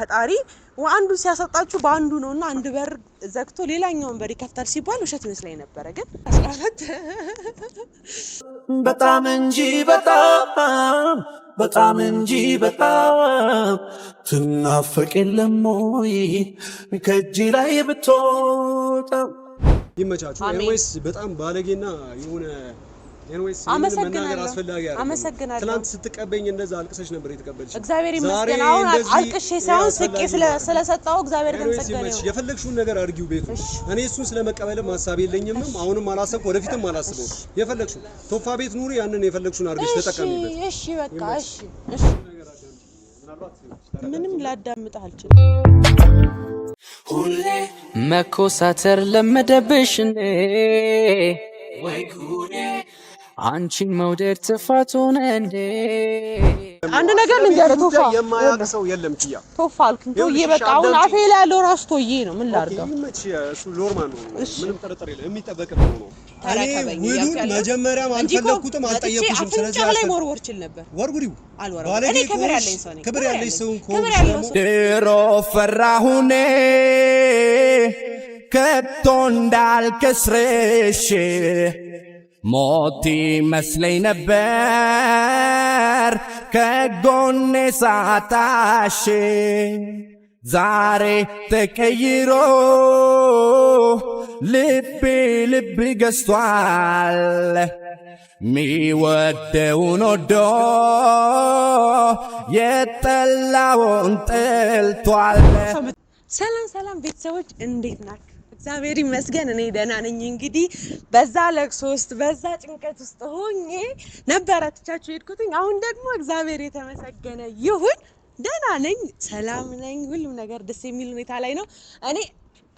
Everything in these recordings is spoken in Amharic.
ፈጣሪ አንዱን ሲያሰጣችሁ በአንዱ ነው እና አንድ በር ዘግቶ ሌላኛውን በር ይከፍታል ሲባል ውሸት ይመስለኝ ነበረ። ግን በጣም እንጂ በጣም በጣም እንጂ በጣም ትናፈቅ የለም ወይ ከእጅ ላይ ብትወጣም ይመቻችሁ። ወይስ በጣም ባለጌና የሆነ ኤኒዌይስ አስፈላጊ አይደለም። ትናንት ስትቀበኝ እንደዛ አልቅሰሽ ነበር የተቀበልሽ። እግዚአብሔር ይመስገን። አሁን አልቅሼ ሳይሆን ስቄ ስለሰጠው እግዚአብሔር ይመስገን። የፈለግሽውን ነገር አድርጊው ቤቱ። እኔ እሱን ስለመቀበልም ሀሳብ የለኝም። አሁንም አላሰብኩ፣ ወደፊትም አላስበው። የፈለግሽው ቶፋ ቤት ኑሪ፣ ያንን የፈለግሽውን አድርገሽ ተጠቀሚበት። እሺ፣ በቃ እሺ፣ እሺ። ምንም ላዳምጥ አልችልም። መኮሳተር ለመደብሽ እኔ አንቺን መውደድ ትፋት ሆነ እንዴ? አንድ ነገር ልንገርህ ቶፋ፣ የማያውቅ ሰው የለም። ጭያ ቶፋ አልኩኝ። ቶዬ በቃ አሁን አፌ ላይ ያለው ራሱ ቶዬ ነው። ምን ላድርገው? እሱ ኖርማል ነው። ምንም ጥርጥር የለም። የሚጠበቅ ነው። መጀመሪያም አልፈለኩትም፣ አልጠየኩሽም። ስለዚህ ላይ መወርወር ይችል ነበር። ወርውሪው። ክብር ያለኝ ሰው ድሮ ፈራሁኔ ከቶ እንዳልከስርሽ ሞት ይመስለኝ ነበር ከጎኔ ሳታሽ ዛሬ ተቀይሮ ልቤ ልብ ገዝቷል ሚወደውን ወዶ የጠላውን ጠልቷል። ሰላም ሰላም ቤተሰቦች እንዴት ናቸው? እግዚአብሔር ይመስገን እኔ ደህና ነኝ። እንግዲህ በዛ ለቅሶ ውስጥ በዛ ጭንቀት ውስጥ ሆኜ ነበረ ትቻችሁ ሄድኩትኝ። አሁን ደግሞ እግዚአብሔር የተመሰገነ ይሁን ደህና ነኝ፣ ሰላም ነኝ። ሁሉም ነገር ደስ የሚል ሁኔታ ላይ ነው። እኔ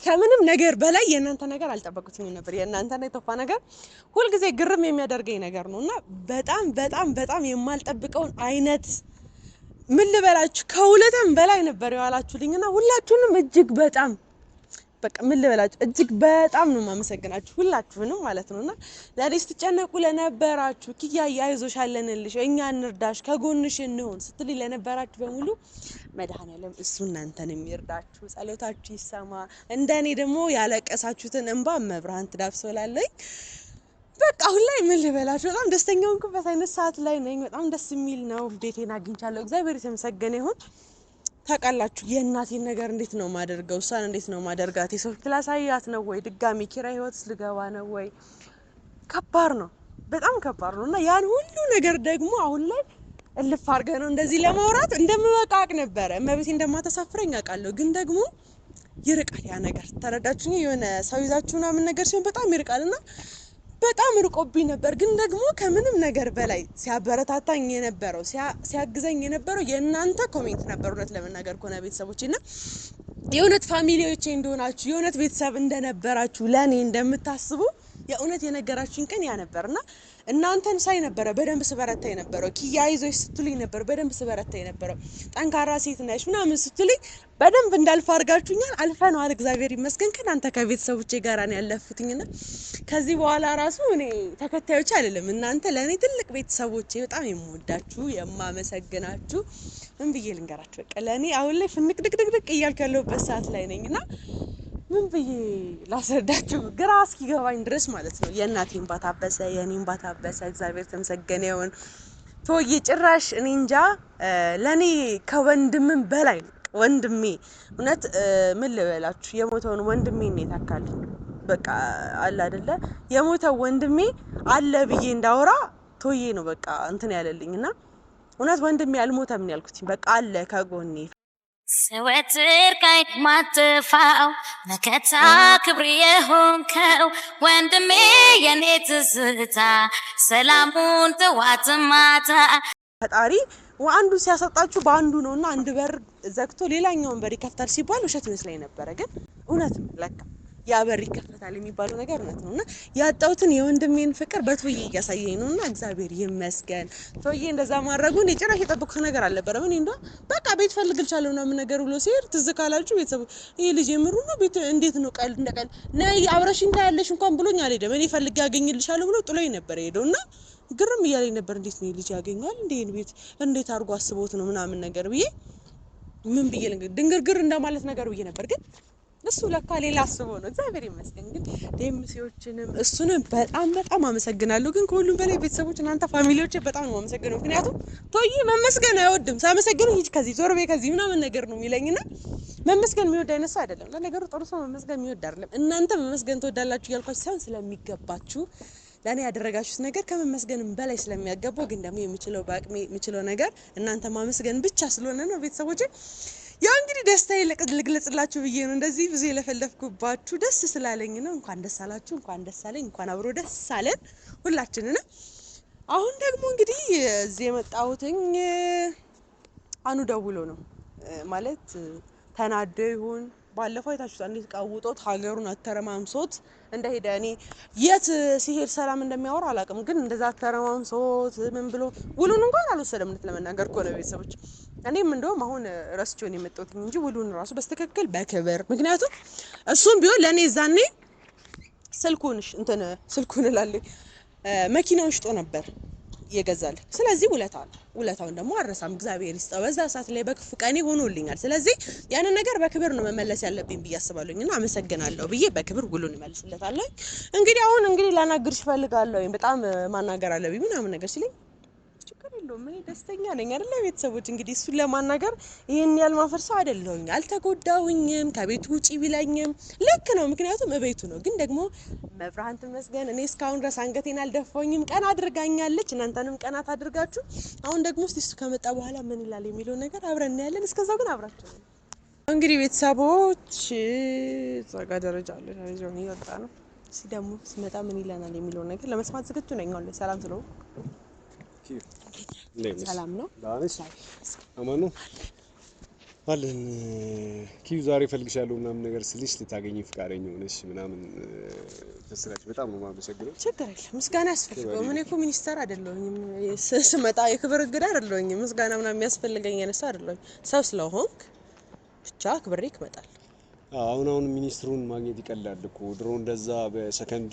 ከምንም ነገር በላይ የእናንተ ነገር አልጠበቁትም ነበር። የእናንተና የተፋ ነገር ሁልጊዜ ግርም የሚያደርገኝ ነገር ነው እና በጣም በጣም በጣም የማልጠብቀውን አይነት ምን ልበላችሁ ከሁለትም በላይ ነበር የዋላችሁልኝ እና ሁላችሁንም እጅግ በጣም በቃ ምን ልበላችሁ፣ እጅግ በጣም ነው የማመሰግናችሁ ሁላችሁንም ማለት ነው። እና ዛሬ ስትጨነቁ ለነበራችሁ ኪያ አይዞሽ አለንልሽ፣ እኛ እንርዳሽ፣ ከጎንሽ እንሆን ስትል ለነበራችሁ በሙሉ መድኃኔዓለም እሱ እናንተን የሚርዳችሁ ጸሎታችሁ ይሰማ። እንደኔ ደግሞ ያለቀሳችሁትን እንባ መብርሃን ትዳብሶላለኝ። በቃ አሁን ላይ ምን ልበላችሁ በጣም ደስተኛ ሆንኩበት አይነት ሰዓት ላይ ነኝ። በጣም ደስ የሚል ነው። ቤቴን አግኝቻለሁ። እግዚአብሔር የተመሰገነ ይሁን። ታውቃላችሁ የእናቴን ነገር እንዴት ነው ማደርገው? እሷን እንዴት ነው ማደርጋት? የሰው ፊት ላሳያት ነው ወይ? ድጋሚ ኪራይ ህይወት ልገባ ነው ወይ? ከባድ ነው፣ በጣም ከባድ ነው። እና ያን ሁሉ ነገር ደግሞ አሁን ላይ እልፍ አድርገህ ነው እንደዚህ ለማውራት እንደምበቃቅ ነበረ። እመቤቴ እንደማተሳፍረኝ አውቃለሁ፣ ግን ደግሞ ይርቃል ያ ነገር ተረዳችሁ። የሆነ ሰው ይዛችሁ ምናምን ነገር ሲሆን በጣም ይርቃል እና በጣም ርቆብኝ ነበር። ግን ደግሞ ከምንም ነገር በላይ ሲያበረታታኝ የነበረው ሲያግዘኝ የነበረው የእናንተ ኮሜንት ነበር። እውነት ለመናገር ከሆነ ቤተሰቦች እና የእውነት ፋሚሊዎቼ እንደሆናችሁ የእውነት ቤተሰብ እንደነበራችሁ ለእኔ እንደምታስቡ የእውነት የነገራችሁኝ ቀን ያ ነበር እና እናንተን ሳይ ነበረ በደንብ ስበረታ የነበረው ኪያ ይዞች ስትሉኝ ነበር በደንብ ስበረታ የነበረው ጠንካራ ሴት ነሽ ምናምን ስትሉኝ በደንብ እንዳልፋ አድርጋችሁኛል። አልፈነዋል፣ እግዚአብሔር ይመስገን። ከእናንተ ከቤተሰቦቼ ጋር ነው ያለፉትኝና ከዚህ በኋላ ራሱ እኔ ተከታዮች አይደለም እናንተ ለእኔ ትልቅ ቤተሰቦቼ፣ በጣም የምወዳችሁ የማመሰግናችሁ። ምን ብዬ ልንገራችሁ፣ በቃ ለእኔ አሁን ላይ ፍንቅ ድቅድቅድቅ እያልኩ ያለሁበት ሰዓት ላይ ነኝ እና ምን ብዬ ላስረዳችሁ ግራ እስኪገባኝ ድረስ ማለት ነው። የእናቴን ባታበሰ የእኔን ባታበሰ እግዚአብሔር ተመሰገነ ይሁን። ቶዬ ጭራሽ እኔ እንጃ ለእኔ ከወንድምም በላይ ወንድሜ እውነት ምን ልበላችሁ፣ የሞተውን ወንድሜ ነው ታካልኝ በቃ አለ አይደለ የሞተው ወንድሜ አለ ብዬ እንዳወራ ቶዬ ነው በቃ እንትን ያለልኝ እና እውነት ወንድሜ አልሞተም ነው ያልኩት። በቃ አለ ከጎኔ ዘወትር ከይት ማትፋው መከታ ክብር የሆንከው ወንድሜ የኔ ትዝታ ሰላሙን ጥዋት ማታ ፈጣሪ አንዱ ሲያሰጣችሁ በአንዱ ነው እና አንድ በር ዘግቶ ሌላኛውን በር ይከፍታል ሲባል ውሸት ይመስለኝ ነበረ፣ ግን እውነት ነው ለካ። ያ በር ይከፈታል የሚባለው ነገር እውነት ነው እና ያጣሁትን የወንድሜን ፍቅር በቶዬ እያሳየኝ ነው እና እግዚአብሔር ይመስገን ቶዬ እንደዛ ማድረጉን የጭራሽ የጠበቅኩት ነገር አልነበረም። እኔ እንደውም በቃ ቤት ፈልግ ልቻለሁ ምናምን ነገር ብሎ ሲሄድ ትዝ ካላችሁ ቤተሰቡ ይህ ልጅ የምሩ ነው ቤት እንዴት ነው ቀል እንደ ቀልድ ነይ አብረሽኝ ታያለሽ እንኳን ብሎኝ አልሄደም። እኔ ፈልጌ ያገኝልሻለሁ ብሎ ጥሎኝ ነበር ሄደው እና ግርም እያለኝ ነበር። እንዴት ነው ልጅ ያገኛል እንዴ? ቤት እንዴት አድርጎ አስቦት ነው ምናምን ነገር ብዬ ምን ብዬ ድንግርግር እንደማለት ነገር ብዬ ነበር ግን እሱ ለካ ሌላ አስቦ ነው። እግዚአብሔር ይመስገን። ግን ደምሲዎችንም እሱንም በጣም በጣም አመሰግናለሁ። ግን ከሁሉም በላይ ቤተሰቦች፣ እናንተ ፋሚሊዎች በጣም ነው አመሰግነው። ምክንያቱም ቶዬ መመስገን አይወድም። ሳመሰግን ሂጅ ከዚህ ዞር በይ ከዚህ ምናምን ነገር ነው የሚለኝና መመስገን የሚወድ አይነት ሰው አይደለም። ለነገሩ ጥሩ ሰው መመስገን የሚወድ አይደለም። እናንተ መመስገን ትወዳላችሁ እያልኳችሁ ሳይሆን ስለሚገባችሁ ለእኔ ያደረጋችሁት ነገር ከመመስገንም በላይ ስለሚያገባው ግን ደግሞ የምችለው በአቅሜ የምችለው ነገር እናንተ ማመስገን ብቻ ስለሆነ ነው ቤተሰቦቼ ያው እንግዲህ ደስታዬ ልግለጽላችሁ ብዬ ነው እንደዚህ ብዙ የለፈለፍኩባችሁ ደስ ስላለኝ ነው። እንኳን ደስ አላችሁ፣ እንኳን ደስ አለኝ፣ እንኳን አብሮ ደስ አለን ሁላችንንም። አሁን ደግሞ እንግዲህ እዚህ የመጣሁትኝ አኑ ደውሎ ነው ማለት ተናደ ይሁን ባለፈው አይታችሁታል፣ እንዴት ቀውጦት ሀገሩን አተረማምሶት እንደሄደ። እኔ የት ሲሄድ ሰላም እንደሚያወር አላውቅም፣ ግን እንደዛ አተረማምሶት ምን ብሎ ውሉን እንኳን አልወሰደም። እውነት ለመናገር ከሆነ ቤተሰቦች፣ እኔም እንደውም አሁን ረስቼውን የመጣሁት እንጂ ውሉን ራሱ በስትክክል በክብር ምክንያቱም እሱም ቢሆን ለእኔ እዛኔ ስልኩን እንትን ስልኩን እላለሁ መኪናውን ሽጦ ነበር ይገዛል። ስለዚህ ውለታ ነው። ውለታውን ደግሞ አረሳም፣ እግዚአብሔር ይስጠው። በዛ ሰዓት ላይ በክፉ ቀኔ ሆኖልኛል። ስለዚህ ያንን ነገር በክብር ነው መመለስ ያለብኝ ብዬ አስባለሁኝ እና አመሰግናለሁ ብዬ በክብር ጉሉን እመልስለታለሁ። እንግዲህ አሁን እንግዲህ ላናግርሽ እፈልጋለሁ፣ በጣም ማናገር አለብኝ ምናምን ነገር ሲለኝ እንደውም እኔ ደስተኛ ነኝ አይደለ? ቤተሰቦች እንግዲህ እሱን ለማናገር ይህን ያልማፈር ሰው አይደለሁኝ። አልተጎዳውኝም። ከቤቱ ውጪ ቢለኝም ልክ ነው፣ ምክንያቱም እቤቱ ነው። ግን ደግሞ መብርሃን ትመስገን እኔ እስካሁን ድረስ አንገቴን አልደፋኝም። ቀና አድርጋኛለች፣ እናንተንም ቀና ታድርጋችሁ። አሁን ደግሞ እስቲ እሱ ከመጣ በኋላ ምን ይላል የሚለውን ነገር አብረን እናያለን። እስከዛው ግን አብራችሁ እንግዲህ ቤተሰቦች ጸጋ ደረጃ አለ ቴሌቪዥን እየወጣ ነው። እስቲ ደግሞ ሲመጣ ምን ይለናል የሚለውን ነገር ለመስማት ዝግጁ ነኝ። ሰላም ስለው ሰላም ነው አማኑ አለን ኪዩ ዛሬ እፈልግሻለሁ ምናምን ነገር ስልሽ ልታገኝ ፍቃደኛ ሆነሽ ምናምን ተስራች በጣም ነው የማመሰግነው። ችግር የለም ምስጋና ያስፈልገው። እኔ እኮ ሚኒስተር አይደለሁኝም፣ ስመጣ የክብር እንግዳ አይደለሁኝም። ምስጋና ምናምን የሚያስፈልገኝ አይነት አይደለሁኝ። ሰው ስለሆንክ ብቻ ክብሬ ይመጣል። አሁን አሁን ሚኒስትሩን ማግኘት ይቀላል እኮ ድሮ እንደዛ በሰከንድ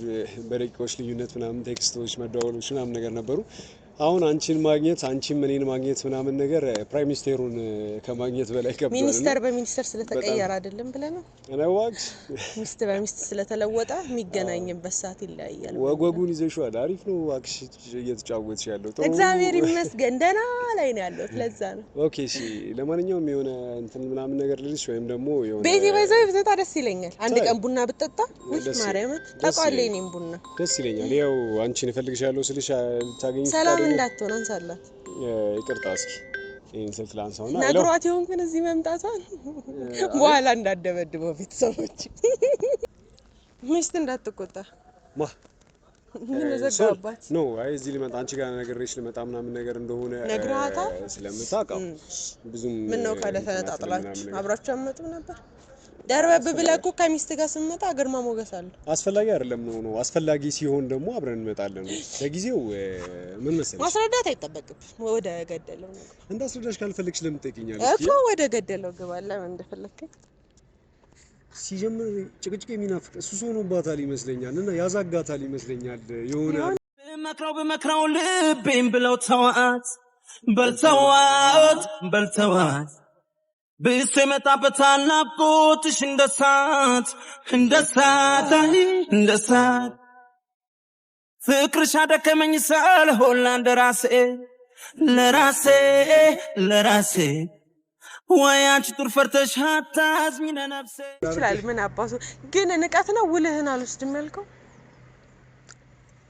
በደቂቃዎች ልዩነት ምናምን ቴክስቶች መደዋወሎች ምናምን ነገር ነበሩ። አሁን አንቺን ማግኘት አንቺም እኔን ማግኘት ምናምን ነገር ፕራይም ሚኒስቴሩን ከማግኘት በላይ ከብዷል። ሚኒስተር በሚኒስተር ስለተቀየረ አይደለም ብለህ ነው? እነዋክስ ሚስት በሚስት ስለተለወጠ የሚገናኝበት ሰዓት ይለያያል። ወጎጉን ይዘሽዋል። አሪፍ ነው እባክሽ፣ እየተጫወትሽ ያለው ጥሩ። እግዚአብሔር ይመስገን ደህና ላይ ነው ያለሁት፣ ለዛ ነው። ኦኬ እሺ። ለማንኛውም የሆነ እንትን ምናምን ነገር ልልሽ ወይም ደግሞ የሆነ ቤት ይበዛው ይብዛታ ደስ ይለኛል። አንድ ቀን ቡና ብጠጣ ውይ ማርያምን፣ ታውቃለህ፣ እኔም ቡና ደስ ይለኛል። ያው አንቺን እፈልግሻለሁ ስልሽ ልታገኝ ምን እንዳትሆን አንሳላት። ይቅርታ እስኪ ይህን ስልክ ላንሳውና ነግሯት ይሆን ግን እዚህ መምጣቷን በኋላ እንዳደበድበው ቤተሰቦች ሚስት እንዳትቆጣ ማ ኖ አይ እዚህ ልመጣ አንቺ ጋር ነግሬሽ ልመጣ ምናምን ነገር እንደሆነ ነግሯታል ስለምታውቀው ብዙም ምን ነው ካለ ተነጣጥላችሁ አብራችሁ አትመጡም ነበር ደርበብ ብለህ እኮ ከሚስት ጋር ስንመጣ ግርማ ሞገስ አለ። አስፈላጊ አይደለም ነው ነው። አስፈላጊ ሲሆን ደግሞ አብረን እንመጣለን። ለጊዜው ምን መሰለሽ ማስረዳት አይጠበቅም። ወደ ገደለው ነው እንደ አስረዳሽ ካልፈለግሽ ለምን ትጠይቂኛለሽ እኮ? ወደ ገደለው ግባለ እንደፈለግከኝ ሲጀምር ጭቅጭቅ የሚናፍቅ እሱ ሰው ሆኖባታል ይመስለኛል፣ እና ያዛጋታል ይመስለኛል። የሆነ መክረው በመክረው ልቤም ብለው ተዋት በልተዋት በልተዋት ብትመጣበት ናፍቆትሽ እንደ እሳት እንደ እሳት እንደ እሳት ፍቅርሽ አደከመኝ ሳልሆን ለራሴ ለራሴ ለራሴ ወይ አንቺ ጡር ፈርተሽ ለነፍሴ ይችላል ምን አባቱ ግን ንቀት ነው ውልህን አልወስድም ያልከው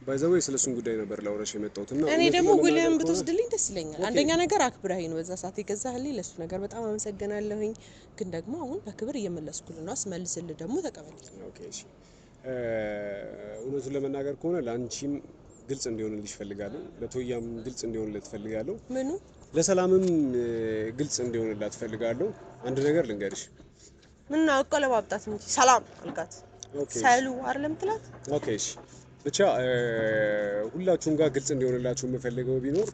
ባይዘው ስለሱን ጉዳይ ነበር ላውራሽ የመጣሁት እና እኔ ደግሞ ጉልህን ብትወስድልኝ ደስ ይለኛል። አንደኛ ነገር አክብረኸኝ ነው በዛ ሰዓት የገዛህልኝ፣ ለሱ ነገር በጣም አመሰግናለሁኝ። ግን ደግሞ አሁን በክብር እየመለስኩልህ ነው። አስመልስልህ ደግሞ ተቀበል። ኦኬ እሺ። እውነቱን ለመናገር ከሆነ ለአንቺም ግልጽ እንዲሆንልሽ እፈልጋለሁ፣ ለቶያም ግልጽ እንዲሆንልህ እፈልጋለሁ። ምኑ ለሰላምም ግልጽ እንዲሆንላት እፈልጋለሁ። አንድ ነገር ልንገርሽ። ምን አቆለባብጣት እንጂ ሰላም አልካት። ሰሉ አይደለም ትላት። ኦኬ እሺ ብቻ ሁላችሁም ጋር ግልጽ እንዲሆንላችሁ የምፈልገው ቢኖር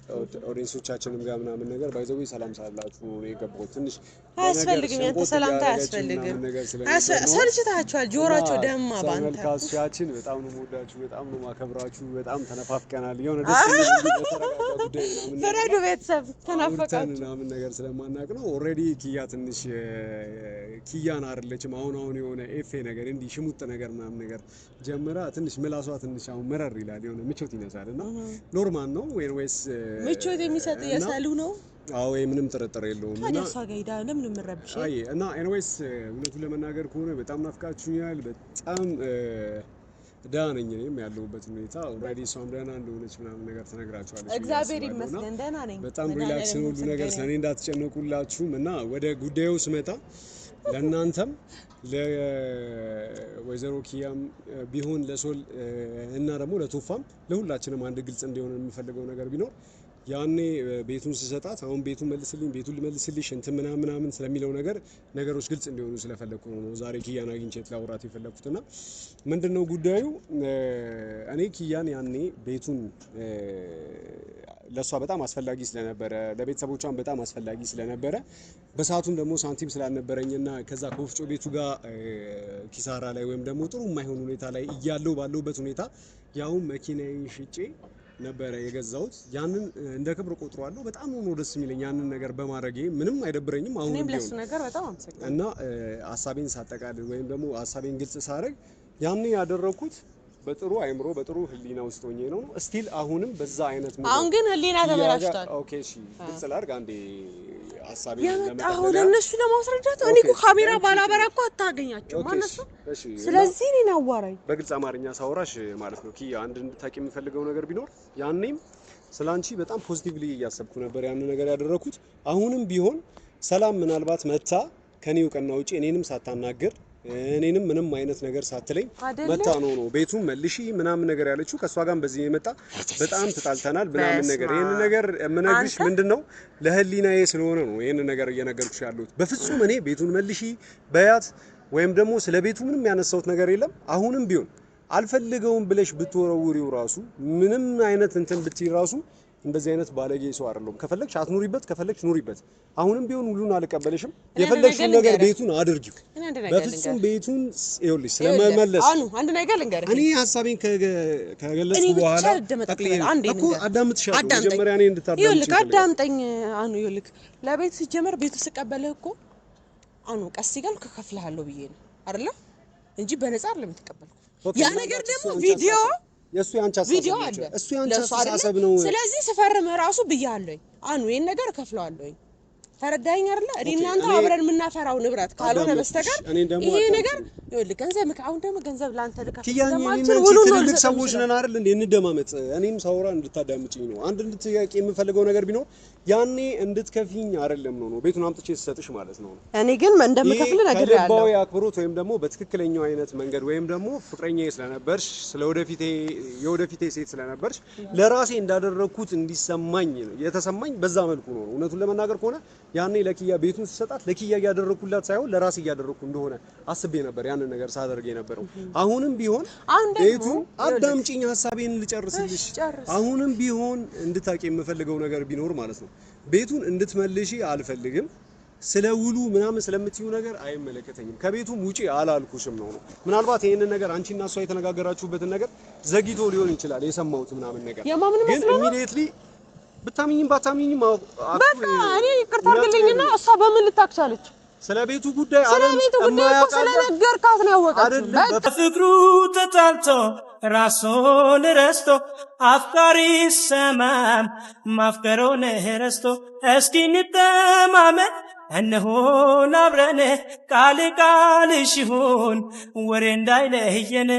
ኦዲንሶቻችንም ጋር ምናምን ነገር ባይዘዊ ሰላም ሳላችሁ የገባሁት ትንሽ አያስፈልግም። ያንተ ሰላምታ አያስፈልግም። ሰልችታችኋል። ጆሯቸው ደማ። ባንተ በጣም ነው የምወዳችሁ፣ በጣም ነው የማከብራችሁ። በጣም ተነፋፍቀናል። የሆነ ፍረዱ ቤተሰብ ተናፈቃችሁ ምናምን ነገር ስለማናቅ ነው። ኦልሬዲ ኪያ ትንሽ ኪያን አይደለችም። አሁን አሁን የሆነ ኤፌ ነገር እንዲህ ሽሙጥ ነገር ምናምን ነገር ጀምራ ትንሽ ምላሷ ትንሽ አሁን መረር ይላል። የሆነ ምቾት ይነሳል እና ኖርማል ነው ወይስ ምቾት የሚሰጥ የሳሉ ነው አዎ ምንም ጥርጥር የለውም። እና እሷ ጋር ሄዳ ለምን የምረብሽ? አይ እና ኤኒዌይስ እውነቱን ለመናገር ከሆነ በጣም ናፍቃችሁኛል። በጣም ደህና ነኝ እኔም ያለሁበት ሁኔታ ኦልሬዲ እሷም ደህና እንደሆነች ምናምን ነገር ተነግራችኋለች። እግዚአብሔር ይመስገን ደህና ነኝ። በጣም ሪላክስ ነው ሁሉ ነገር ሰኔ እንዳትጨነቁላችሁም እና ወደ ጉዳዩ ስመጣ ለእናንተም ለወይዘሮ ኪያም ቢሆን ለሶል እና ደግሞ ለቶፋም ለሁላችንም አንድ ግልጽ እንዲሆን የምፈልገው ነገር ቢኖር ያኔ ቤቱን ስሰጣት አሁን ቤቱን መልስልኝ ቤቱን ልመልስልሽ እንትን ምናምን ምናምን ስለሚለው ነገር ነገሮች ግልጽ እንዲሆኑ ስለፈለግኩ ነው ዛሬ ኪያን አግኝቼት ላውራት የፈለግኩት እና ምንድን ነው ጉዳዩ እኔ ኪያን ያኔ ቤቱን ለእሷ በጣም አስፈላጊ ስለነበረ ለቤተሰቦቿን በጣም አስፈላጊ ስለነበረ በሰዓቱም ደግሞ ሳንቲም ስላልነበረኝና ከዛ ከወፍጮ ቤቱ ጋር ኪሳራ ላይ ወይም ደግሞ ጥሩ የማይሆን ሁኔታ ላይ እያለው ባለውበት ሁኔታ ያውም መኪናዬን ሽጬ ነበረ የገዛሁት። ያንን እንደ ክብር ቆጥሯለሁ። በጣም ነው ደስ የሚለኝ ያንን ነገር በማድረጌ ምንም አይደብረኝም። አሁን እኔም ለሱ ነገር በጣም አመሰግናለሁ እና ሀሳቤን ሳጠቃልል ወይም ደግሞ ሀሳቤን ግልጽ ሳደርግ ያንን ያደረኩት በጥሩ አይምሮ በጥሩ ህሊና ውስጥ ሆኜ ነው። ስቲል አሁንም በዛ አይነት አሁን ግን ህሊና ተበላሽቷል። ኦኬ እሺ፣ ግልጽ ላድርግ አንዴ ያመጣኸው ለእነሱ ለማስረዳት። እኔ እኮ ካሜራ ባላበራ እኮ አታገኛቸውም እነሱ። ስለዚህ እኔን አዋራኝ። በግልጽ አማርኛ ሳወራሽ ማለት ነው ኪያ፣ አንድ እንድታቂ የምፈልገው ነገር ቢኖር ያኔም ስለ አንቺ በጣም ፖዚቲቭሊ እያሰብኩ ነበር፣ ያን ነገር ያደረኩት። አሁንም ቢሆን ሰላም ምናልባት መታ ከኔ እውቅና ውጪ እኔንም ሳታናግር እኔንም ምንም አይነት ነገር ሳትለኝ መታ ነው ነው ቤቱን መልሺ ምናምን ነገር ያለችው። ከእሷ ጋር በዚህ የመጣ በጣም ተጣልተናል ምናምን ነገር። ይህን ነገር የምነግርሽ ምንድን ነው ለህሊናዬ ስለሆነ ነው ይህን ነገር እየነገርኩሽ ያለሁት። በፍጹም እኔ ቤቱን መልሺ በያት ወይም ደግሞ ስለ ቤቱ ምንም ያነሳሁት ነገር የለም። አሁንም ቢሆን አልፈልገውም ብለሽ ብትወረውሪው ራሱ ምንም አይነት እንትን ብትይ ራሱ እንደዚህ አይነት ባለጌ ሰው አይደለሁም። ከፈለግሽ አትኑሪበት፣ ከፈለግሽ ኑሪበት። አሁንም ቢሆን ሁሉን አልቀበልሽም። የፈለግሽውን ነገር ቤቱን አድርጊው። በፍጹም ቤቱን ይኸውልሽ ስለመመለስ አንድ ነገር ልንገርህ። እኔ ሀሳቤን ከገለጽኩ በኋላ እኮ አዳምጥሻለሁ። መጀመሪያ እኔ እንድታዳምጪ ይኸውልህ፣ አዳምጠኝ። አኑ ይኸውልህ፣ ለቤት ሲጀመር ቤቱ ስቀበልህ እኮ አኑ ቀስ እያልኩ ከከፍልሃለሁ ብዬ ነው አይደለ እንጂ በነፃ አይደለም የምትቀበልኩ ያ ነገር ደግሞ ቪዲዮ የእሱ ያንቺ አስተሳሰብ ነው። ስለዚህ ስፈርም እራሱ ብያለኝ አኑ ይሄን ነገር ከፍለዋለኝ ተረዳኝ አይደለ? እኔ እናንተ አብረን የምናፈራው ንብረት ካልሆነ በስተቀር ይሄ ነገር ይኸውልህ፣ ገንዘብ አሁን ደግሞ ገንዘብ ላንተ ልከፍ ትልልቅ ሰዎች ነን አይደል? እንደ እንደማመጥ እኔም ሳውራ እንድታዳምጪኝ ነው። አንድ ጥያቄ የምፈልገው ነገር ቢኖር ያኔ እንድትከፊኝ አይደለም ነው ነው ቤቱን አምጥቼ ስሰጥሽ ማለት ነው። እኔ ግን እንደምከፍል ነገር ያለው ከልባዊ አክብሮት ወይም ደግሞ በትክክለኛው አይነት መንገድ ወይም ደግሞ ፍቅረኛዬ ስለነበርሽ ስለወደፊቴ የወደፊቴ ሴት ስለነበርሽ ለራሴ እንዳደረግኩት እንዲሰማኝ ነው የተሰማኝ በዛ መልኩ ነው። እውነቱን ለመናገር ከሆነ ያኔ ለኪያ ቤቱን ስሰጣት ለኪያ እያደረግኩላት ሳይሆን ለራሴ እያደረግኩ እንደሆነ አስቤ ነበር ያንን ነገር ሳደርግ የነበረው። አሁንም ቢሆን ቤቱ አዳምጪኝ፣ ሀሳቤን ልጨርስልሽ። አሁንም ቢሆን እንድታቂ የምፈልገው ነገር ቢኖር ማለት ነው ቤቱን እንድትመልሺ አልፈልግም። ስለ ውሉ ምናምን ስለምትዩ ነገር አይመለከተኝም። ከቤቱም ውጪ አላልኩሽም ነው ነው። ምናልባት ይህንን ነገር አንቺ እና እሷ የተነጋገራችሁበትን ነገር ዘግይቶ ሊሆን ይችላል የሰማሁት ምናምን ነገር ግን ኢሚዲየትሊ ብታምኝም ባታምኝም በቃ እኔ ይቅርታ አድርግልኝና እሷ በምን ልታክቻለች? ስለ ቤቱ ጉዳይ ስለ ቤቱ ጉዳይ እኮ ስለነገርካት ነው ያወቀችው። በፍቅሩ ተጣልተው ራሱን ረስቶ አፍቃሪ ሰማም ማፍቀሩን ረስቶ እስኪ እንተማመን እንሁን አብረን ቃል ቃል ሽሁን ወሬ እንዳይለየን።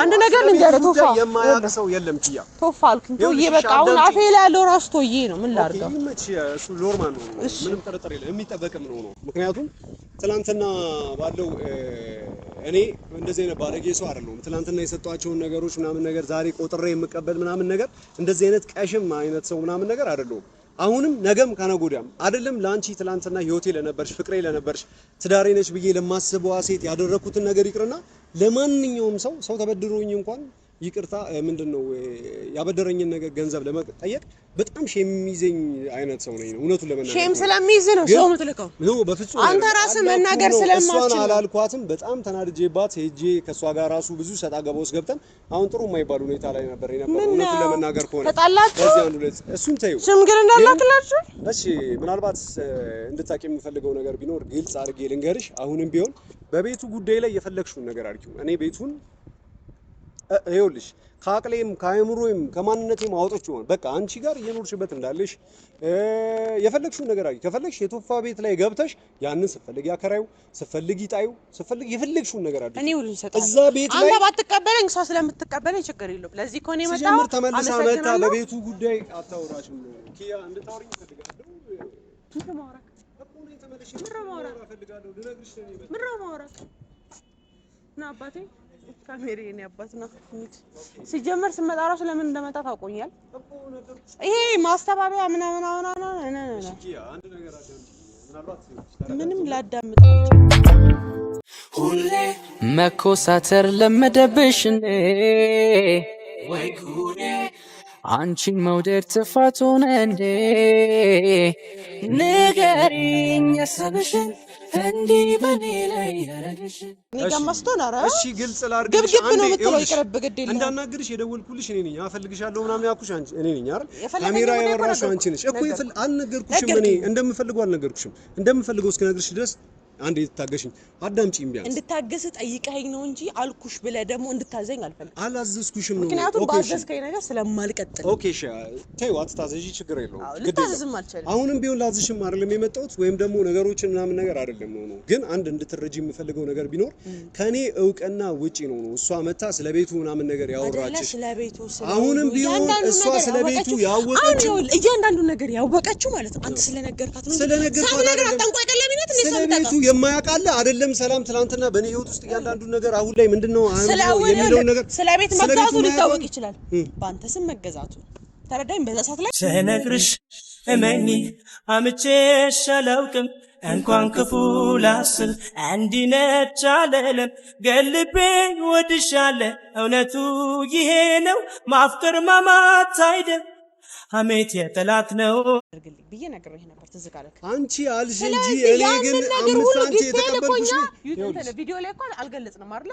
አንድ ነገር ልንገርህ፣ ቶፋ የማያውቅ ሰው የለም። ቶፋ አልኩኝ። ቶዬ በቃ አሁን አፌ ላይ ያለው ራሱ ቶዬ ነው። ምን ላድርገው? እሱ ኖርማል ነው፣ ምንም ጥርጥር የለም። የሚጠበቅም ነው ምክንያቱም ትናንትና ባለው እኔ እንደዚህ አይነት ባለጌ ሰው አይደለሁም። ትናንትና የሰጧቸውን ነገሮች ምናምን ነገር ዛሬ ቆጥሬ የምቀበል ምናምን ነገር እንደዚህ አይነት ቀሽም አይነት ሰው ምናምን ነገር አይደለሁም። አሁንም ነገም ከነጎዳም አይደለም ለአንቺ ትናንትና ህይወቴ ለነበርሽ ፍቅሬ ለነበርሽ ትዳሬ ነች ብዬ ለማስበዋ ሴት ያደረኩትን ነገር ይቅርና ለማንኛውም ሰው ሰው ተበድሮኝ እንኳን ይቅርታ ምንድን ነው ያበደረኝን ነገር ገንዘብ ለመጠየቅ በጣም ሼም የሚይዘኝ አይነት ሰው ነኝ። እውነቱን ለመናገር ሼም ስለሚይዝ ነው ሰው ምትልከው ነው። በፍጹም አንተ ራስህ መናገር ስለማትችል እሷን አላልኳትም። በጣም ተናድጄባት ሄጄ ከእሷ ጋር ራሱ ብዙ ሰጣ ገባ ውስጥ ገብተን አሁን ጥሩ የማይባል ሁኔታ ላይ ነበር ነበር። እውነቱን ለመናገር ከሆነ ተጣላችሁ። እሱን ተይው። ሽምግልና እንዳላትላችሁ እሺ። ምናልባት እንድታቂ የምፈልገው ነገር ቢኖር ግልጽ አድርጌ ልንገርሽ። አሁንም ቢሆን በቤቱ ጉዳይ ላይ የፈለግሽውን ነገር አድርጊው። እኔ ቤቱን ይኸውልሽ ከአቅሌም ከአእምሮዬም ከማንነቴም አውጦች ይሆን በቃ አንቺ ጋር እየኖርሽበት እንዳለሽ የፈለግሽው ነገር አይ ከፈለግሽ የቶፋ ቤት ላይ ገብተሽ ያንን ስፈልግ ያከራዩ ስፈልግ ይጣዩ ስፈልግ የፈለግሽውን ነገር አድርጊ። እኔ ሁሉን ሰጣለሁ። እዛ ቤት ላይ አንተ ባትቀበለኝ እሷ ስለምትቀበለኝ ችግር የለውም። ለዚህ እኮ የመጣው። ሲጀምር ተመልሳ መጣ። በቤቱ ጉዳይ አታወራሽም። ኪያ እንድታወሪኝ እፈልጋለሁ። ምንድን ነው የማወራው? ምንድን ነው የማወራው? ና አባቴ ካሜሬ የኔ አባት ነው። ሲጀመር ስመጣ እራሱ ለምን እንደመጣ ታውቆኛል። ይሄ ማስተባበያ ምናምን ምንም ላዳምጣቸው መኮሳተር ለመደብሽ እኔ አንቺን መውደድ ትፋቱን እንዴ ንገሪኝ የሰብሽን እንዲህ በኔ ላይ ያረግሽን ሚቀመስቶን እሺ፣ ግልጽ እንዳናግርሽ። የደወልኩልሽ እኔ ነኝ። አፈልግሻለሁ ምናምን ያልኩሽ አንቺ እኔ ነኝ አይደል? ካሜራ ያበራሽው አንቺ ነሽ እኮ። አልነገርኩሽም እኔ እንደምፈልገው አልነገርኩሽም። እንደምፈልገው እስከነግርሽ ድረስ አንድ እንድታገሽኝ አዳምጪኝ። ቢያንስ እንድታገስ ጠይቀኸኝ ነው እንጂ አልኩሽ ብለህ ደግሞ እንድታዘኝ አልፈልግም። አላዘዝኩሽም ነው ምክንያቱም ባዘዝከኝ ነገር ስለማልቀጥል። ኦኬ እሺ፣ ተይው፣ አትታዘዢ፣ ችግር የለውም። ልታዘዝም አልቻለም። አሁንም ቢሆን ላዝሽም አይደለም የመጣሁት ወይም ደግሞ ነገሮችን ምናምን ነገር አይደለም ነው ነው። ግን አንድ እንድትረጂ የምፈልገው ነገር ቢኖር ከኔ እውቅና ውጪ ነው ነው እሷ መታ ስለ ቤቱ ምናምን ነገር ያወራችሽ። አሁንም ቢሆን እሷ ስለ ቤቱ ያወቀችው እያንዳንዱ ነገር ያወቀችው ማለት አንተ ስለነገርካት ነው ስለነገርካት ነገር አጠንቋይ ቀለሚነት ነው ስለቤቱ የማያውቅ አይደለም። ሰላም ትናንትና በእኔ ህይወት ውስጥ እያንዳንዱ ነገር አሁን ላይ ምንድነው ነው ነገር ስለ ቤት መግዛቱ ሊታወቅ ይችላል። በአንተ ስም መገዛቱ ተረዳኝ። በዛ ሰዓት ላይ ስነግርሽ እመኒ አምቼሽ አላውቅም። እንኳን ክፉ ላስብ ነች አለለም ገልቤ ወድሻለ። እውነቱ ይሄ ነው ማፍቀር ማማት አይደል ሐሜት የጠላት ነው ብዬ ነግሬህ ነበር። ትዝ ካለክ አንቺ አልሽ እንጂ እኔ ግን አምስት አንቺ የተቀበልኩሽ ቪዲዮ ላይ እኮ አልገለጽንም አይደለ?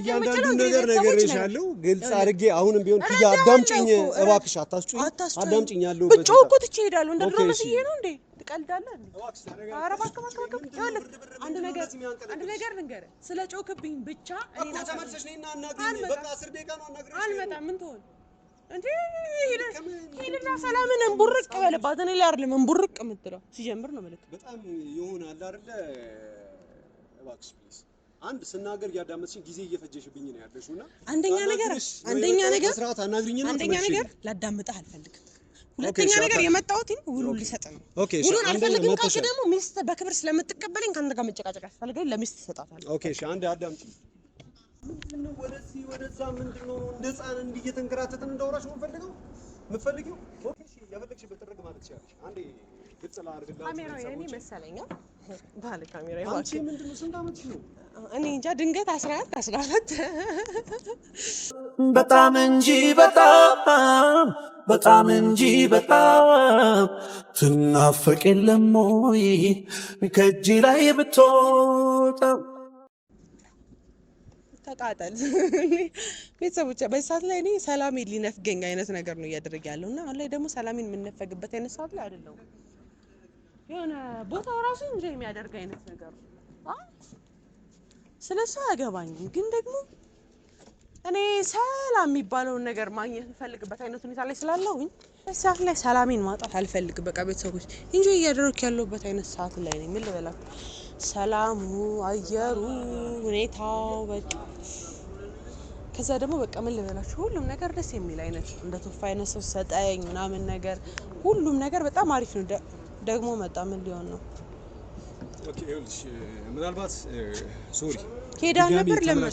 እያንዳንዱ ነገር ነግሬሻለሁ፣ ግልጽ አድርጌ አሁንም ቢሆን ትዬ አዳምጪኝ እባክሽ፣ አታስጩኝ፣ አዳምጪኝ ያለሁበት ብቻ እኮ ትቼ እሄዳለሁ። እንደ ድሮ መስዬ ነው እንዴ? ትቀልዳለህ? ኧረ እባክህ እባክህ እባክህ፣ አንድ ነገር አንድ ነገር ልንገርህ፣ ስለ ጮክብኝ ብቻ እኔ አልመጣም። ምን ትሆን ሄድና ሰላምን እንቡርቅ በለባት። እኔ ላይ አይደለም እንቡርቅ የምትለው ሲጀምር ነው መልክ በጣም የሆነ አለ አይደለ። እባክሽ ፕሊዝ አንድ ስናገር እያዳመጥሽኝ ጊዜ እየፈጀሽብኝ ነው ያለሽው እና አንደኛ ነገር አንደኛ ነገር አንደኛ ነገር ላዳምጥህ አልፈልግም። ሁለተኛ ነገር የመጣሁት ውሉን ሊሰጥ ነው። ውሉን አልፈልግም ካልሽ ደግሞ ሚስት በክብር ስለምትቀበለኝ ከአንተ ጋር መጨቃጨቅ ያስፈልገኝ ለሚስት ትሰጣታለህ። ኦኬ እሺ አንድ አዳምጪኝ ምንድነው ወደዚህ ወደዛ ምንድነው እንደ ህፃን እንዲህ እየተንከራተትን እንዳወራሽ ነው የምፈልገው የምትፈልጊው ድንገት አስራ አንድ በጣም እንጂ በጣም በጣም እንጂ በጣም ትናፈቅ የለም ወይ ከእጅ ላይ ብትወጣም ተቃጠል ቤተሰቦች። በዚህ ሰዓት ላይ እኔ ሰላሜን ሊነፍገኝ አይነት ነገር ነው እያደረገ ያለው እና አሁን ላይ ደግሞ ሰላሜን የምነፈግበት አይነት ሰዓት ላይ አይደለም። የሆነ ቦታው ራሱ እንጂ የሚያደርግ አይነት ነገር ስለ እሱ አያገባኝም፣ ግን ደግሞ እኔ ሰላም የሚባለውን ነገር ማግኘት የምፈልግበት አይነት ሁኔታ ላይ ስላለው ሰዓት ላይ ሰላሜን ማጣት አልፈልግም። በቃ ቤተሰቦች እንጂ እያደረኩ ያለሁበት አይነት ሰዓት ላይ ነኝ። ምን ልበላችሁ ሰላሙ፣ አየሩ፣ ሁኔታው በቃ ከዛ ደግሞ በቃ ምን ልበላችሁ ሁሉም ነገር ደስ የሚል አይነት እንደ ቶፋ አይነት ሰው ሰጠኝ ምናምን ነገር ሁሉም ነገር በጣም አሪፍ ነው። ደግሞ መጣ ምን ሊሆን ነው? ምናልባት ሶሪ ሄዳ ነበር ነው።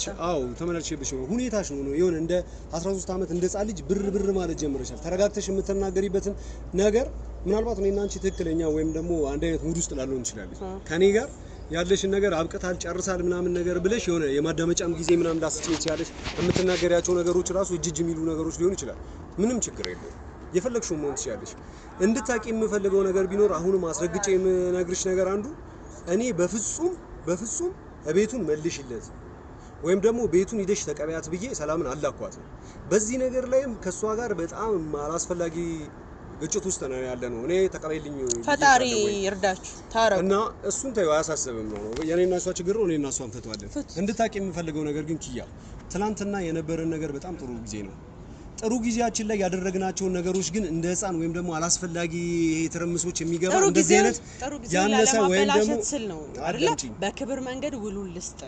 ሁኔታሽ ነው ነው የሆነ እንደ 13 ዓመት እንደ ጻ ልጅ ብር ብር ማለት ጀምረሻል። ተረጋግተሽ የምትናገሪበትን ነገር ምናልባት እኔና አንቺ ትክክለኛ ወይም ደግሞ አንድ አይነት ሙድ ውስጥ እንችላለን ከኔ ጋር ያለሽን ነገር አብቅታል ጨርሳል ምናምን ነገር ብለሽ የሆነ የማዳመጫም ጊዜ ምናምን ላስጭኝ ትችያለሽ። የምትናገሪያቸው ነገሮች ራሱ እጅጅ የሚሉ ነገሮች ሊሆን ይችላል። ምንም ችግር የለውም። የፈለግሽው መሆን ትችያለሽ። እንድታቂ የምፈልገው ነገር ቢኖር አሁንም አስረግጬ የምነግርሽ ነገር አንዱ እኔ በፍጹም በፍጹም ቤቱን መልሽለት ወይም ደግሞ ቤቱን ሂደሽ ተቀበያት ብዬ ሰላምን አላኳት። በዚህ ነገር ላይም ከእሷ ጋር በጣም አላስፈላጊ ግጭት ውስጥ ነው ያለ ነው። እኔ ተቀበይልኝ፣ ፈጣሪ ይርዳችሁ፣ ታረቁ እና እሱን ተይው፣ አያሳስብም ነው የኔ እና እሷ ችግር ነው። እኔ እና እሷ እንፈተዋለን። እንድታቂ የምፈልገው ነገር ግን ኪያ፣ ትናንትና የነበረን ነገር በጣም ጥሩ ጊዜ ነው ጥሩ ጊዜያችን ላይ ያደረግናቸውን ነገሮች ግን እንደ ህፃን ወይም ደግሞ አላስፈላጊ ትርምሶች የሚገባ እንደዚህ አይነት ያነሰ ወይም ደግሞ ስል ነው አይደለ? በክብር መንገድ ውሉን ልስጥ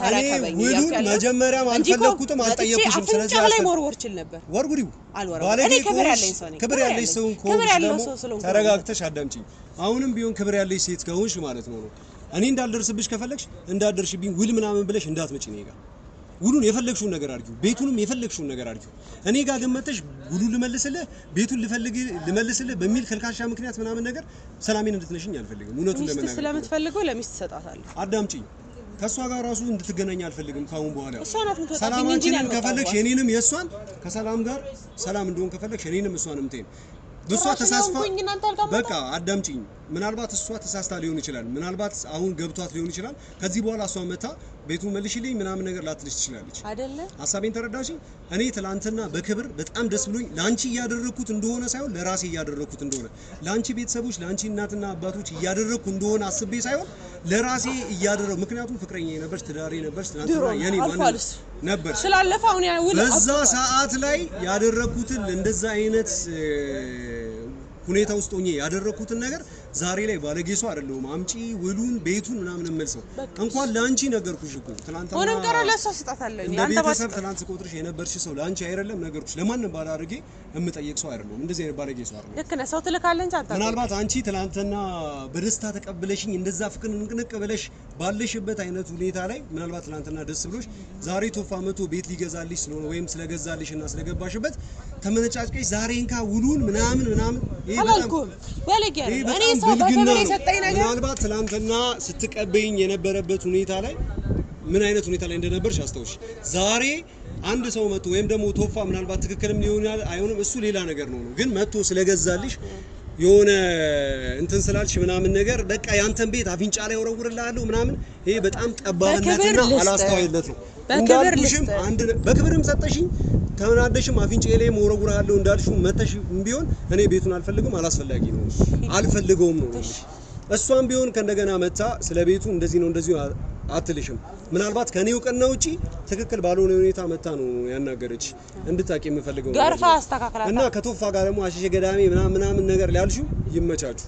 ተረከበኝ። ውሉን መጀመሪያም አልፈለኩትም፣ አልጠየኩሽም። ስለዚህ አለ ወርወርችል ነበር ወርውሪው አልወረወረ። እኔ ክብር ያለኝ ሰው ነኝ። ክብር ያለኝ ሰው ከሆንሽ ደግሞ ተረጋግተሽ አዳምጪኝ። አሁንም ቢሆን ክብር ያለሽ ሴት ከሆንሽ ማለት ነው ነው እኔ እንዳልደርስብሽ ከፈለግሽ እንዳደርሽብኝ ውል ምናምን ብለሽ እንዳትመጪ ነው ይጋ ውሉን የፈለግሽውን ነገር አድርጊው፣ ቤቱንም የፈለግሽውን ነገር አድርጊው። እኔ ጋር ግን መጥተሽ ውሉ ልመልስልህ፣ ቤቱን ልፈልግ ልመልስልህ በሚል ከልካሻ ምክንያት ምናምን ነገር ሰላሜን እንድትነሽኝ አልፈልግም። እውነቱን ለመናገር ሚስት ስለምትፈልገው ለሚስት ትሰጣታለህ። አዳምጪኝ። ከእሷ ጋር ራሱ እንድትገናኝ አልፈልግም ካሁን በኋላ። ሰላማችንን ከፈለግሽ የኔንም የእሷን ከሰላም ጋር ሰላም እንደሆን ከፈለግሽ የኔንም እሷን ቴን እሷ ተሳስፋ በቃ አዳምጪኝ። ምናልባት እሷ ተሳስታ ሊሆን ይችላል። ምናልባት አሁን ገብቷት ሊሆን ይችላል። ከዚህ በኋላ እሷ መታ ቤቱ መልሽልኝ ምናምን ነገር ላትልሽ ትችላለች። አይደለ? ሀሳቤን ተረዳሽ? እኔ ትላንትና በክብር በጣም ደስ ብሎኝ ለአንቺ እያደረግኩት እንደሆነ ሳይሆን ለራሴ እያደረግኩት እንደሆነ ለአንቺ ቤተሰቦች፣ ለአንቺ እናትና አባቶች እያደረግኩ እንደሆነ አስቤ ሳይሆን ለራሴ እያደረግኩ ምክንያቱም ፍቅረኛ የነበርሽ ትዳሬ ነበርሽ፣ ትናንትና የኔ ማን ነበር። ያው በዛ ሰዓት ላይ ያደረግኩትን እንደዛ አይነት ሁኔታ ውስጥ ሆኜ ያደረግኩትን ነገር ዛሬ ላይ ባለጌ ሰው አይደለሁም። አምጪ ውሉን ቤቱን ምናምን መልሰው እንኳን ለአንቺ ነገርኩሽ እኮ ትላንት ሆነም ቀረ ለሷ ስጣታለሁ። እንደ ቤተሰብ ትላንት ስቆጥርሽ የነበርሽ ሰው ለአንቺ አይደለም ነገርኩሽ። ለማንም ባላርጌ የምጠየቅ ሰው አይደለሁም። እንደዚህ አይነት ባለጌ ሰው አይደለሁም። ልክ ነህ። ሰው ትልካለህ እንጂ አታውቅም። ምናልባት አንቺ ትላንትና በደስታ ተቀብለሽኝ እንደዛ ፍቅር እንቅንቅ ብለሽ ባለሽበት አይነት ሁኔታ ላይ ምናልባት ትላንትና ደስ ብሎሽ ዛሬ ቶፋ መቶ ቤት ሊገዛልሽ ስለሆነ ወይም ስለገዛልሽ እና ስለገባሽበት ተመነጫጭቀሽ ዛሬ እንካ ውሉን ምናምን ምናምን ይሄ በጣም ብልግና ምናልባት ትናንትና ስትቀበይኝ የነበረበት ሁኔታ ላይ ምን አይነት ሁኔታ ላይ እንደነበርሽ አስታውሽ። ዛሬ አንድ ሰው መጥቶ ወይም ደግሞ ቶፋ ምናልባት ትክክልም ሊሆን አይሆንም እሱ ሌላ ነገር ነው ነው ግን መጥቶ ስለገዛልሽ የሆነ እንትን ስላልሽ ምናምን ነገር በቃ ያንተን ቤት አፍንጫ ላይ ወረውርልሃለሁ ምናምን ይሄ በጣም ጠባብነትና አላስተዋይነት ነው። በክብርም ሰጠሽኝ ተናደሽም አፍንጫዬ ላይ መወረውራለሁ እንዳልሽው መተሽ ቢሆን እኔ ቤቱን አልፈልግም፣ አላስፈላጊ ነው፣ አልፈልገውም ነው። እሷም ቢሆን ከእንደገና መታ ስለ ቤቱ እንደዚህ ነው እንደዚህ አትልሽም። ምናልባት ከኔ እውቅና ውጪ ትክክል ባልሆነ ሁኔታ መታ ነው ያናገረች። እንድታቂ የምፈልገው እና ከቶፋ ጋር ደግሞ አሸሸ ገዳሜ ምናምን ነገር ሊያልሹ ይመቻቹ።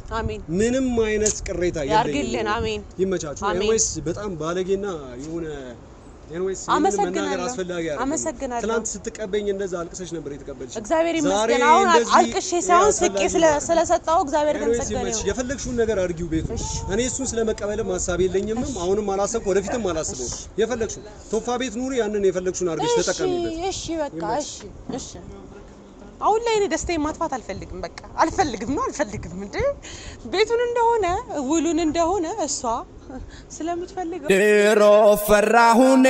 ምንም አይነት ቅሬታ ያርግልን። አሜን። ይመቻቹ። ወይስ በጣም ባለጌና የሆነ ኤኒዌይስ አመሰግናለሁ። አስፈላጊ አመሰግናለሁ። ትናንት ስትቀበኝ እንደዛ አልቅሰሽ ነበር የተቀበልሽ። እግዚአብሔር ይመስገን። አሁን አልቅሼ ሳይሆን ስቄ ስለሰጣው እግዚአብሔር ይመስገን። የፈለግሽውን ነገር አድርጊው ቤቱ። እኔ እሱን ስለመቀበልም ሀሳብ የለኝም። አሁንም አላሰብኩ፣ ወደፊትም አላስበው። የፈለግሽው ቶፋ ቤት ኑሪ፣ ያንን የፈለግሽውን አድርገሽ ተጠቀሚበት። እሺ፣ በቃ እሺ፣ እሺ። አሁን ላይ እኔ ደስታዬን ማጥፋት አልፈልግም። በቃ አልፈልግም ነው አልፈልግም። እንዴ ቤቱን እንደሆነ ውሉን እንደሆነ እሷ ስለምትፈልገው ድሮ ፈራሁኔ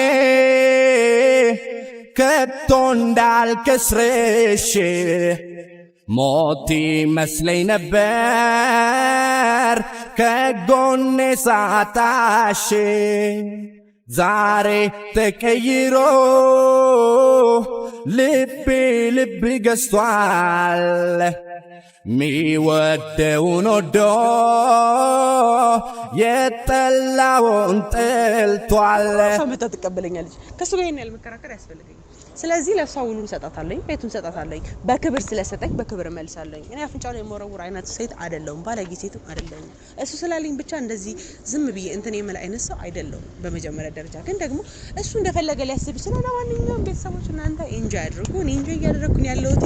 ከቶ እንዳልከስርሽ ሞት ይመስለኝ ነበር ከጎኔ ሳታሽ ዛሬ ተቀይሮ ልቤ ልብ ገዝቷል። ሚወደውን ወዶ የጠላውን ጠልቷል። መጣ ትቀበለኛለች። ከሱ ጋር ይህን ያህል መከራከር ያስፈልገኛል። ስለዚህ ለሷ ውሉን ሰጣታለኝ፣ ቤቱን ሰጣታለኝ። በክብር ስለሰጠኝ በክብር መልሳለኝ። እኔ አፍንጫ ላይ የመወረውር አይነት ሴት አይደለሁም፣ ባለጌ ሴትም አይደለሁም። እሱ ስላለኝ ብቻ እንደዚህ ዝም ብዬ እንትን የምል አይነት ሰው አይደለሁም። በመጀመሪያ ደረጃ ግን ደግሞ እሱ እንደፈለገ ሊያስብ ይችላል። ለማንኛውም ቤተሰቦች እናንተ ኢንጆይ አድርጉ። እኔ ኢንጆይ እያደረግኩን ያለሁት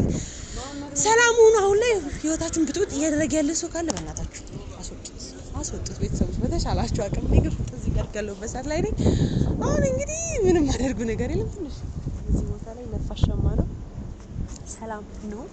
ሰላሙን አሁን ላይ ህይወታችሁን ብጥብጥ እያደረገ ያለ ሰው ካለ በእናታችሁ አስወጡት፣ አስወጡት። ቤተሰቦች በተሻላችሁ አቅም ግፍ እዚህ ጋር ያለሁበት ሰዓት ላይ ነኝ። አሁን እንግዲህ ምንም አደርጉ ነገር የለም ትንሽ እዚህ ቦታ ላይ ነፋሻማ ነው፣ ሰላም ነው።